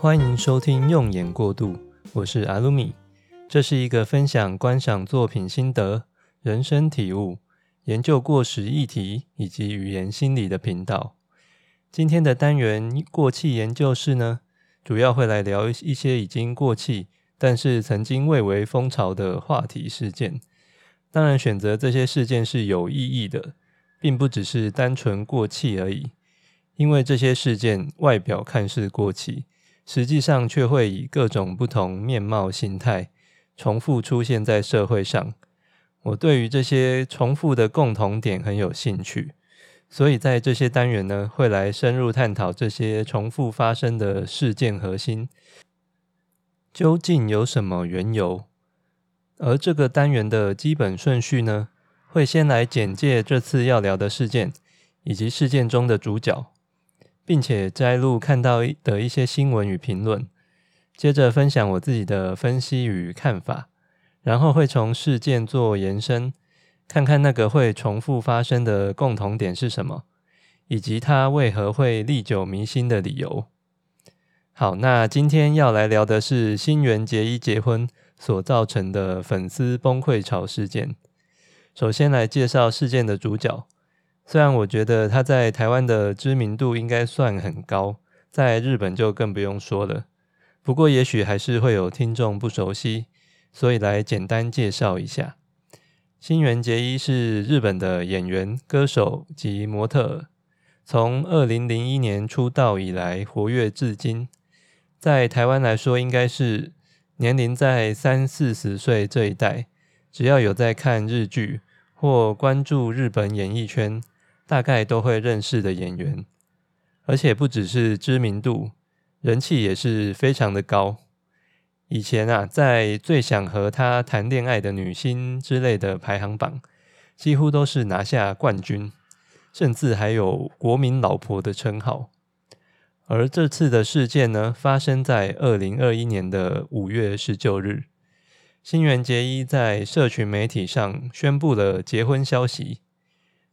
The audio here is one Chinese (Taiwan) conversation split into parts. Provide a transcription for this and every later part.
歡迎收聽《用眼過度》，我是阿魯米。這是一個分享觀賞作品心得、人生體悟、研究過時議題以及語言心理的頻道。今天的單元“過氣研究室”呢，主要會來聊一些已經過氣，但是曾經蔚為風潮的話題事件。當然，選擇這些事件是有意義的，並不只是單純過氣而已，因為這些事件外表看似過氣。實際上卻會以各種不同面貌、形態重複出現在社會上。我對於這些重複的共同點很有興趣，所以在這些單元呢，會來深入探討這些重複發生的事件核心究竟有什麼緣由。而這個單元的基本順序呢，會先來簡介這次要聊的事件以及事件中的主角。並且摘錄看到的一些新聞與評論，接着分享我自己的分析與看法，然後會從事件做延伸，看看那個會重複發生的共同點是什麼，以及它為何會歷久彌新的理由。好，那今天要來聊的是新垣結衣結婚所造成的粉絲崩潰潮事件。首先來介紹事件的主角。雖然我覺得他在台灣的知名度應該算很高，在日本就更不用說了。不過，也許還是會有聽眾不熟悉，所以來簡單介紹一下。新垣結衣是日本的演員、歌手及模特兒，從二零零一年出道以來活躍至今。在台灣來說，應該是年齡在三四十歲這一代，只要有在看日劇或關注日本演藝圈，大概都會認識的演員，而且不只是知名度，人氣也是非常的高。以前啊，在最想和他談戀愛的女星之類的排行榜，幾乎都是拿下冠軍，甚至還有國民老婆的稱號。而這次的事件呢，發生在二零二一年的五月十九日，新垣結衣在社群媒體上宣布了結婚消息。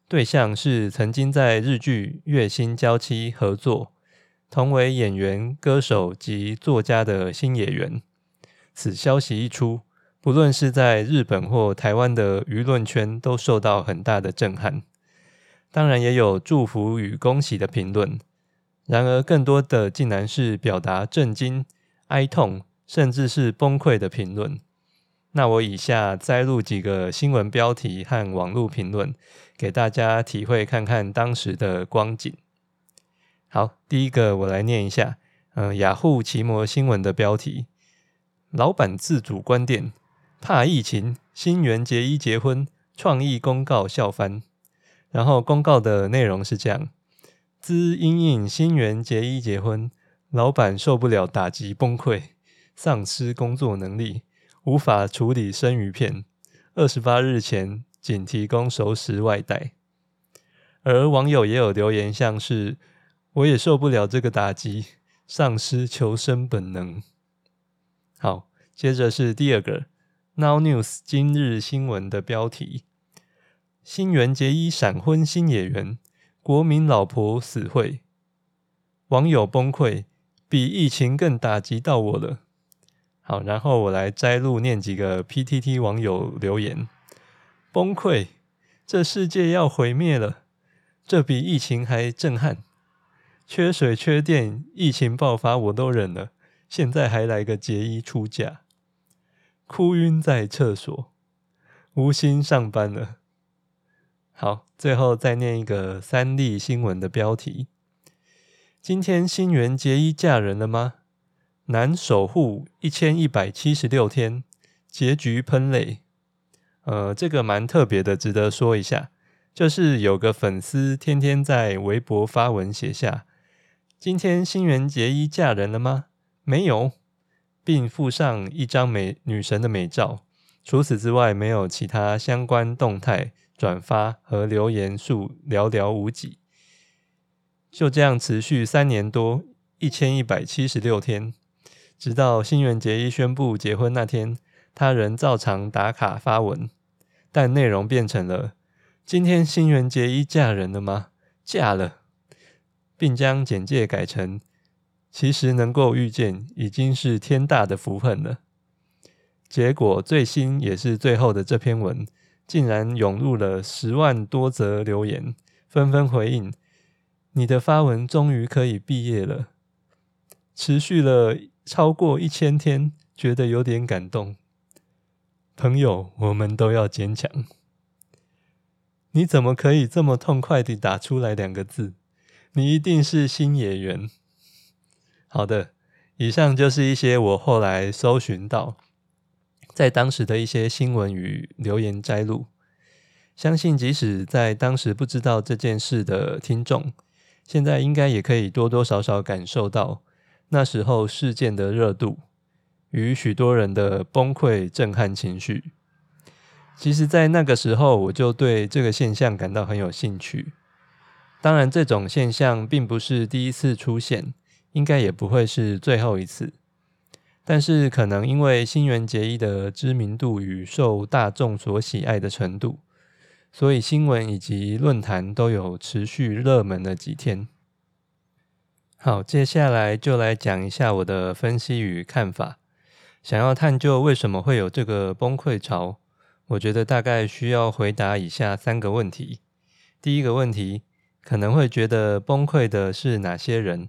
對象是曾經在日劇《月薪嬌妻》合作、同為演員、歌手及作家的星野源。此消息一出，不論是在日本或台灣的輿論圈，都受到很大的震撼。當然也有祝福與恭喜的評論，然而更多的竟然是表達震驚、哀痛，甚至是崩潰的評論。那我以下摘錄幾個新聞標題和網絡評論，給大家體會看看當時的光景。好，第一個我來念一下，嗯、呃，雅虎奇摩新聞的標題：老板自主關店，怕疫情，新垣結衣結婚，創意公告笑翻。然後公告的內容是這樣：茲因應新垣結衣結婚，老板受不了打擊崩潰，喪失工作能力。無法處理生魚片，二十八日前僅提供熟食外帶。而網友也有留言，像是“我也受不了這個打擊，喪失求生本能。”好，接着是第二個《Now News》今日新聞的標題：新垣結衣閃婚星野源，國民老婆死會，網友崩潰，比疫情更打擊到我了。好，然後我來摘錄念幾個 PTT 網友留言：崩潰，這世界要毀滅了，這比疫情還震撼。缺水、缺電、疫情爆發我都忍了，現在還來個結衣出嫁，哭暈在廁所，無心上班了。好，最後再念一個三立新聞的標題：今天新垣結衣嫁人了嗎？男守護一千一百七十六天，結局噴淚。呃，這個蠻特別的，值得說一下。就是有個粉絲天天在微博發文寫下：“今天新垣結衣嫁人了嗎？”沒有，並附上一張美女神的美照。除此之外，沒有其他相關動態，轉發和留言數寥寥無幾。就這樣持續三年多，一千一百七十六天。直到新垣結衣宣布結婚那天，她仍照常打卡發文，但內容變成了“今天新垣結衣嫁人了嗎？嫁了，並將簡介改成‘其實能夠遇見已經是天大的福分了’。”結果最新也是最後的這篇文，竟然湧入了十萬多則留言，紛紛回應：“你的發文終於可以畢業了。”持續了。超過一千天，覺得有點感動。朋友，我們都要堅強。你怎麼可以這麼痛快地打出來兩個字？你一定是新演員。好的，以上就是一些我後來搜尋到在當時的一些新聞與留言摘錄。相信即使在當時不知道這件事的聽眾，現在應該也可以多多少少感受到。那時候事件的熱度與許多人的崩潰震撼情緒，其實，在那個時候我就對這個現象感到很有興趣。當然，這種現象並不是第一次出現，應該也不會是最後一次。但是，可能因為新垣結衣的知名度與受大眾所喜愛的程度，所以新聞以及論壇都有持續熱門的幾天。好，接下來就來講一下我的分析與看法。想要探究為什麼會有這個崩潰潮，我覺得大概需要回答以下三個問題：第一個問題，可能會覺得崩潰的是哪些人？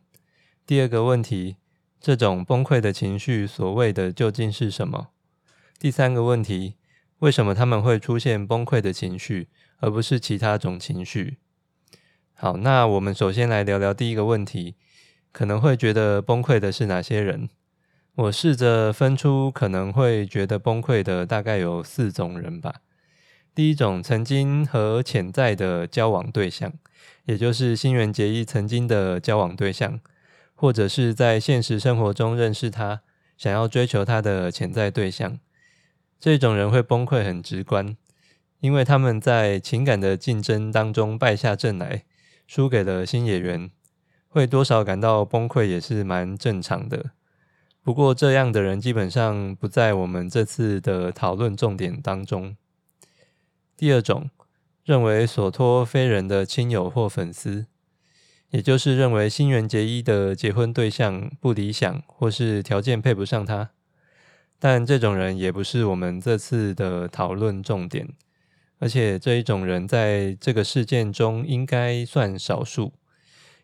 第二個問題，這種崩潰的情緒所謂的究竟是什麼？第三個問題，為什麼他們會出現崩潰的情緒，而不是其他種情緒？好，那我們首先來聊聊第一個問題。可能會覺得崩潰的是哪些人？我試着分出可能會覺得崩潰的大概有四種人吧。第一種，曾經和潛在的交往對象，也就是新垣結衣曾經的交往對象，或者是在現實生活中認識他、想要追求他的潛在對象，這種人會崩潰很直觀，因為他們在情感的競爭當中敗下陣來，輸給了星野源。會多少感到崩潰也是蠻正常的，不過這樣的人基本上不在我們這次的討論重點當中。第二種，認為所托非人的親友或粉絲，也就是認為新垣結衣的結婚對象不理想或是條件配不上他，但這種人也不是我們這次的討論重點，而且這一種人在這個事件中應該算少數。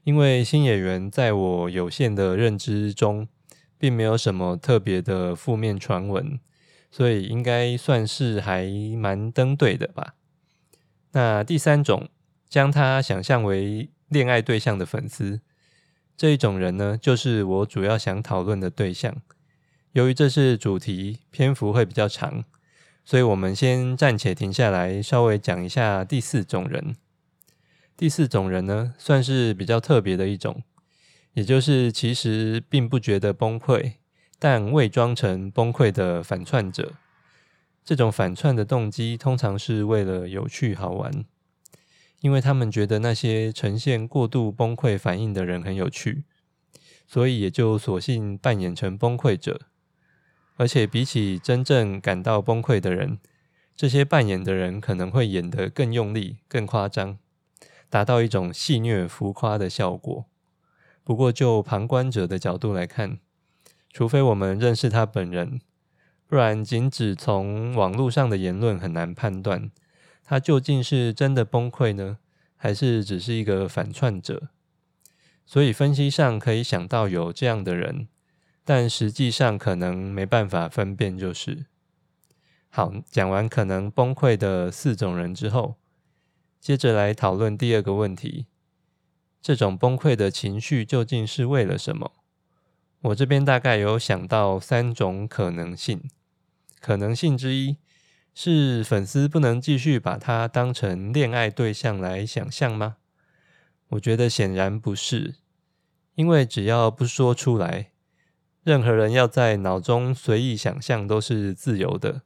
因為新演員在我有限的認知中，並沒有什麼特別的負面傳聞，所以應該算是還蠻登對的吧。那第三種，將他想象為戀愛對象的粉絲，這一種人呢，就是我主要想討論的對象。由於這是主題，篇幅會比較長，所以我們先暫且停下來，稍微講一下第四種人。第四種人呢，算是比較特別的一種，也就是其實並不覺得崩潰，但偽裝成崩潰的反串者。這種反串的動機通常是為了有趣好玩，因為他們覺得那些呈現過度崩潰反應的人很有趣，所以也就索性扮演成崩潰者。而且比起真正感到崩潰的人，這些扮演的人可能會演得更用力、更誇張。達到一種戲謔、浮誇的效果。不過，就旁觀者的角度來看，除非我們認識他本人，不然僅止從網絡上的言論很難判斷他究竟是真的崩潰呢，還是只是一個反串者。所以，分析上可以想到有這樣的人，但實際上可能沒辦法分辨就是。好，講完可能崩潰的四種人之後。接着來討論第二個問題，這種崩潰的情緒究竟是為了什麼？我這邊大概有想到三種可能性。可能性之一是粉絲不能繼續把他當成戀愛對象來想象嗎？我覺得顯然不是，因為只要不說出來，任何人要在腦中隨意想象都是自由的。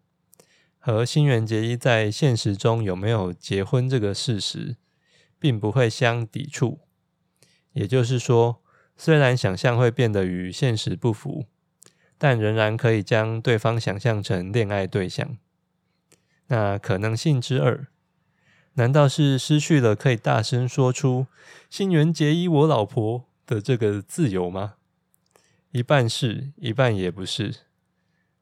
和新垣結衣在現實中有沒有結婚這個事實，並不會相抵觸。也就是說，雖然想象會變得與現實不符，但仍然可以將對方想象成戀愛對象。那可能性之二，難道是失去了可以大聲說出“新垣結衣，我老婆”的這個自由嗎？一半是，一半也不是。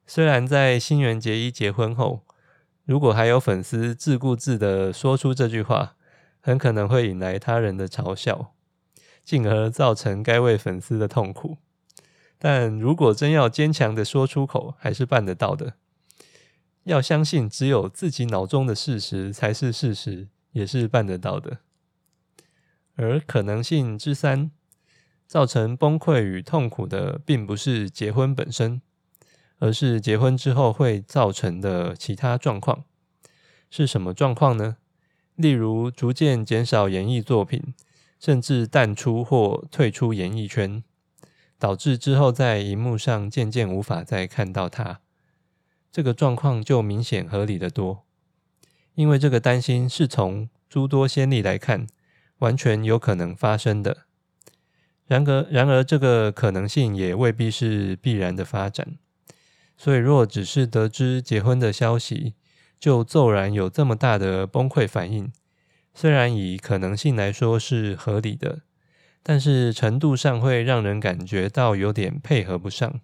雖然在新垣結衣結婚後，如果還有粉絲自顧自的說出這句話，很可能會引來他人的嘲笑，進而造成該位粉絲的痛苦。但如果真要堅強的說出口，還是辦得到的。要相信只有自己腦中的事實才是事實，也是辦得到的。而可能性之三，造成崩潰與痛苦的並不是結婚本身。而是結婚之後會造成的其他狀況，是什麼狀況呢？例如逐漸減少演藝作品，甚至淡出或退出演藝圈，導致之後在熒幕上漸漸無法再看到他。這個狀況就明顯合理得多，因為這個擔心是從諸多先例來看，完全有可能發生的。然而，然而這個可能性也未必是必然的發展。所以，若只是得知結婚的消息，就驟然有這麼大的崩潰反應，雖然以可能性來說是合理的，但是程度上會讓人感覺到有點配合不上。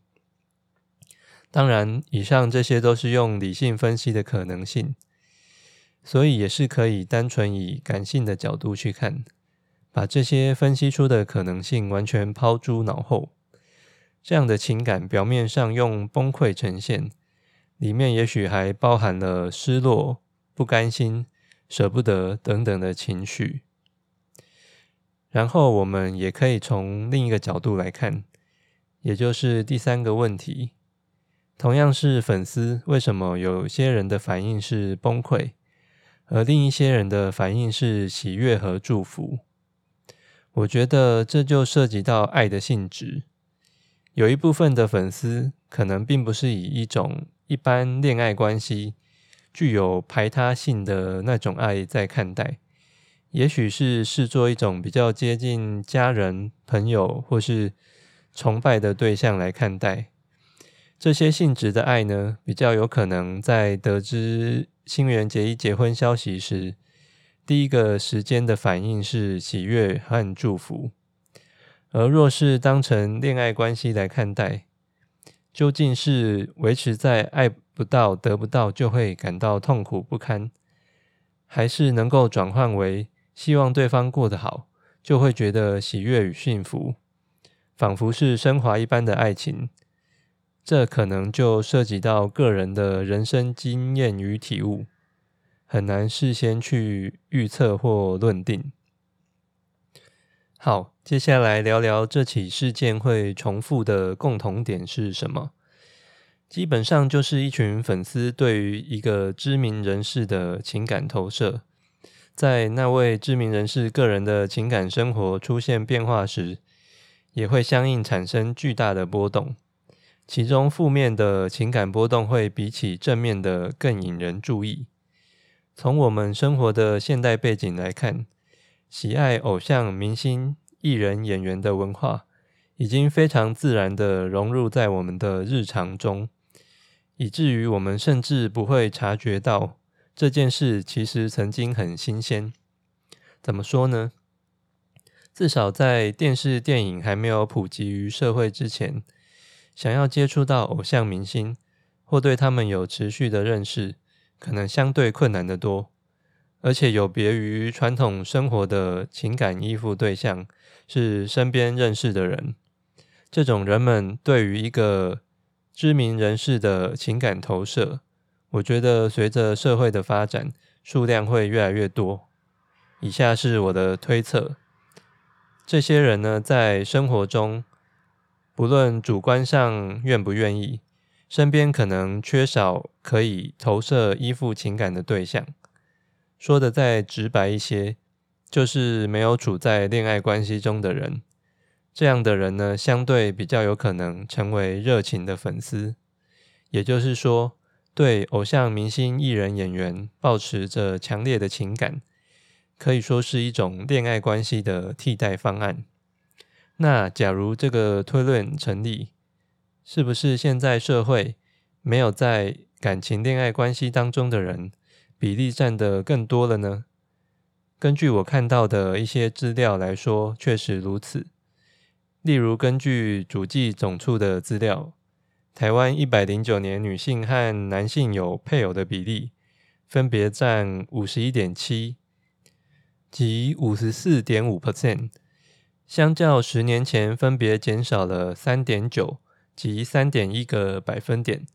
當然，以上這些都是用理性分析的可能性，所以也是可以單純以感性的角度去看，把這些分析出的可能性完全拋諸腦後。這樣的情感表面上用崩潰呈現，裡面也許還包含了失落、不甘心、捨不得等等的情緒。然後我們也可以從另一個角度來看，也就是第三個問題，同樣是粉絲，為什麼有些人的反應是崩潰，而另一些人的反應是喜悅和祝福？我覺得這就涉及到愛的性質。有一部分的粉絲可能並不是以一種一般戀愛關係具有排他性的那種愛在看待，也許是視作一種比較接近家人、朋友或是崇拜的對象來看待。這些性質的愛呢，比較有可能在得知新垣結衣結婚消息時，第一個時間的反應是喜悅和祝福。而若是當成戀愛關係來看待，究竟是維持在愛不到、得不到就會感到痛苦不堪，還是能夠轉換為希望對方過得好，就會覺得喜悅與幸福，仿佛是升華一般的愛情，這可能就涉及到個人的人生經驗與體悟，很難事先去預測或論定。好，接下來聊聊這起事件會重複的共同點是什麼？基本上就是一群粉絲對於一個知名人士的情感投射，在那位知名人士個人的情感生活出現變化時，也會相應產生巨大的波動，其中負面的情感波動會比起正面的更引人注意。從我們生活的現代背景來看，喜愛偶像、明星、藝人、演員的文化，已經非常自然地融入在我們的日常中，以至於我們甚至不會察覺到這件事其實曾經很新鮮。怎麼說呢？至少在電視、電影還沒有普及於社會之前，想要接觸到偶像、明星，或對他們有持續的認識，可能相對困難得多。而且有別於傳統生活的情感依附對象是身邊認識的人，這種人們對於一個知名人士的情感投射，我覺得隨着社會的發展，數量會越來越多。以下是我的推測：這些人呢，在生活中，不論主觀上願不願意，身邊可能缺少可以投射依附情感的對象。說的再直白一些，就是沒有處在戀愛關係中的人，這樣的人呢，相對比較有可能成為熱情的粉絲，也就是說，對偶像、明星、藝人、演員抱持着強烈的情感，可以說是一種戀愛關係的替代方案。那假如這個推論成立，是不是現在社會沒有在感情戀愛關係當中的人？比例佔的更多了呢？根據我看到的一些資料來說，確實如此。例如，根據主計總處的資料，台灣一百零九年女性和男性有配偶的比例，分別佔五十一點七及五十四點五 percent，相較十年前分別減少了三點九及三點一個百分點。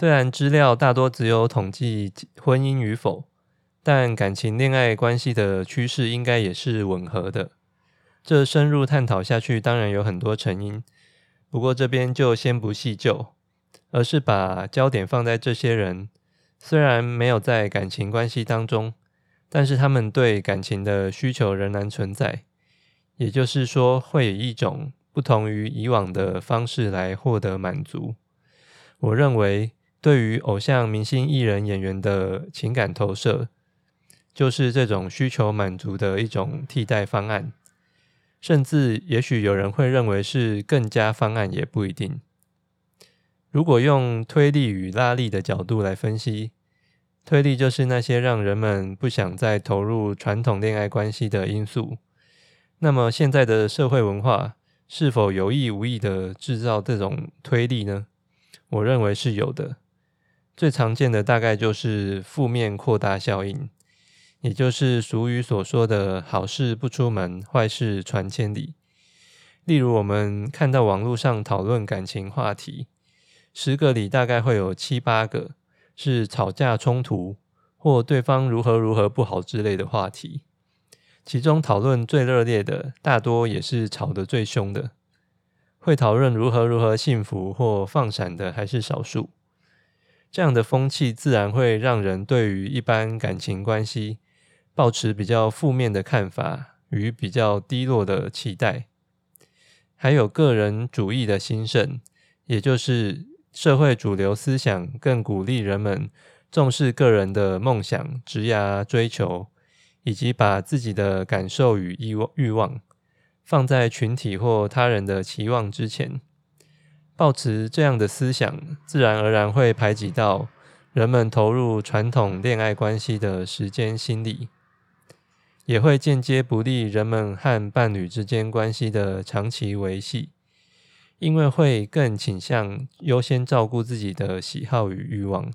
雖然資料大多只有統計婚姻與否，但感情戀愛關係的趨勢應該也是吻合的。這深入探討下去，當然有很多成因，不過這邊就先不細究，而是把焦點放在這些人，雖然沒有在感情關係當中，但是他們對感情的需求仍然存在，也就是說，會以一種不同於以往的方式來獲得滿足。我認為。對於偶像、明星、藝人、演員的情感投射，就是這種需求滿足的一種替代方案，甚至也許有人會認為是更佳方案也不一定。如果用推力與拉力的角度來分析，推力就是那些讓人們不想再投入傳統戀愛關係的因素。那麼現在的社會文化是否有意無意的制造這種推力呢？我認為是有的。最常見的大概就是負面擴大效應，也就是俗語所說的“好事不出門，壞事傳千里”。例如，我們看到網絡上討論感情話題，十個裡大概會有七八個是吵架衝突或對方如何如何不好之類的話題。其中討論最熱烈的，大多也是吵得最凶的，會討論如何如何幸福或放閃的，還是少數。這樣的風氣自然會讓人對於一般感情關係抱持比較負面的看法與比較低落的期待，還有個人主義的興盛，也就是社會主流思想更鼓勵人們重視個人的夢想、職涯追求，以及把自己的感受與慾望放在群體或他人的期望之前。抱持這樣的思想，自然而然會排擠到人們投入傳統戀愛關係的時間心理，也會間接不利人們和伴侶之間關係的長期維繫，因為會更傾向優先照顧自己的喜好與慾望。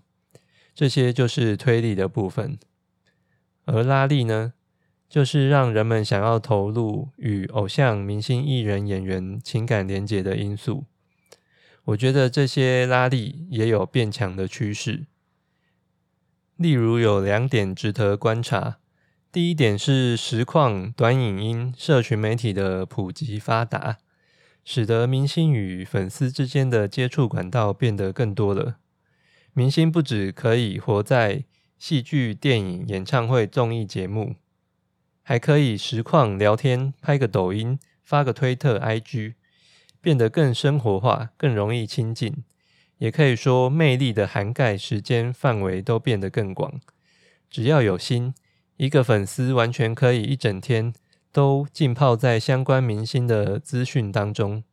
這些就是推力的部分，而拉力呢，就是讓人們想要投入與偶像、明星、藝人、演員情感連結的因素。我覺得這些拉力也有變強的趨勢。例如有兩點值得觀察：第一點是實況、短影音、社群媒體的普及發達，使得明星與粉絲之間的接觸管道變得更多了。明星不只可以活在戲劇、電影、演唱會、綜藝節目，還可以實況聊天、拍個抖音、發個推特、IG。變得更生活化，更容易親近，也可以說魅力的涵蓋時間範圍都變得更廣。只要有心，一個粉絲完全可以一整天都浸泡在相關明星的資訊當中，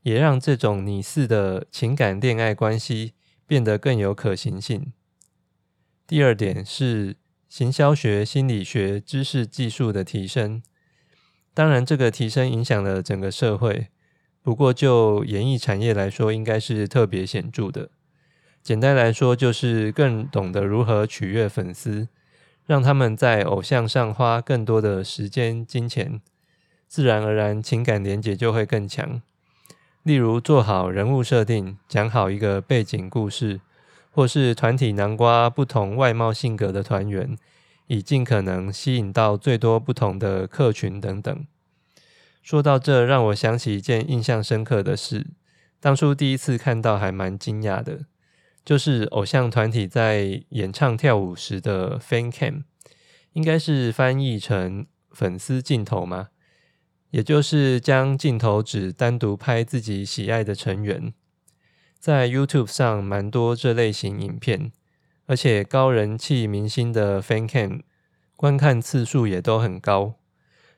也讓這種擬似的情感戀愛關係變得更有可行性。第二點是行銷學、心理學、知識技術的提升，當然這個提升影響了整個社會。不過，就演藝產業來說，應該是特別顯著的。簡單來說，就是更懂得如何取悅粉絲，讓他們在偶像上花更多的時間、金錢，自然而然情感連結就會更強。例如，做好人物設定，講好一個背景故事，或是團體囊括不同外貌、性格的團員，以盡可能吸引到最多不同的客群等等。說到這，讓我想起一件印象深刻的事。當初第一次看到，還蠻驚訝的，就是偶像團體在演唱跳舞時的 fancam，應該是翻譯成粉絲鏡頭嗎？也就是將鏡頭只單獨拍自己喜愛的成員。在 YouTube 上蠻多這類型影片，而且高人氣明星的 fancam 觀看次數也都很高。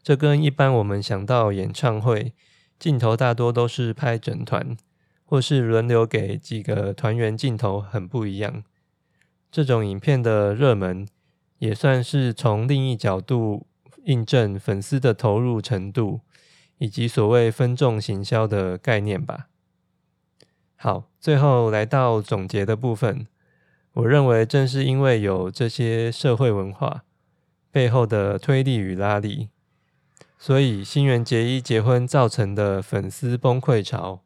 這跟一般我們想到演唱會，鏡頭大多都是拍整團，或是輪流給幾個團員鏡頭很不一樣。這種影片的熱門，也算是從另一角度印證粉絲的投入程度，以及所謂分眾行銷的概念吧。好，最後來到總結的部分，我認為正是因為有這些社會文化，背後的推力與拉力。所以，新垣結衣結婚造成的粉絲崩潰潮，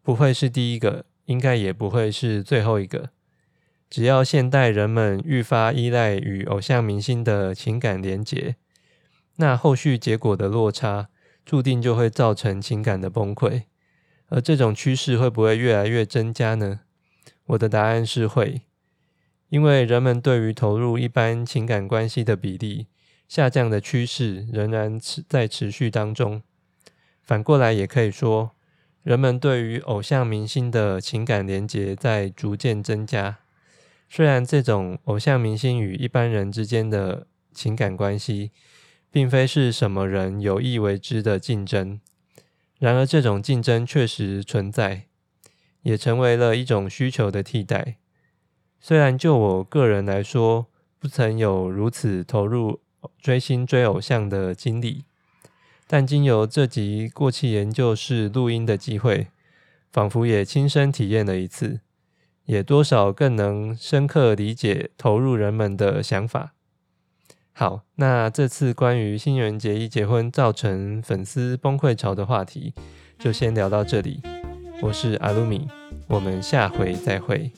不會是第一個，應該也不會是最後一個。只要現代人們愈發依賴與偶像明星的情感聯結，那後續結果的落差，注定就會造成情感的崩潰。而這種趨勢會不會越來越增加呢？我的答案是會，因為人們對於投入一般情感關係的比例。下降的趨勢仍然持在持續當中。反過來也可以說，人們對於偶像明星的情感聯結在逐漸增加。雖然這種偶像明星與一般人之間的情感關係，並非是什麼人有意為之的競爭，然而這種競爭確實存在，也成為了一種需求的替代。雖然就我個人來說，不曾有如此投入追星追偶像的經歷，但經由這集過氣研究室錄音的機會，仿佛也親身體驗了一次，也多少更能深刻理解投入人們的想法。好，那這次關於新垣結衣結婚造成粉絲崩潰潮的話題，就先聊到這裡。我是阿魯米，我們下回再會。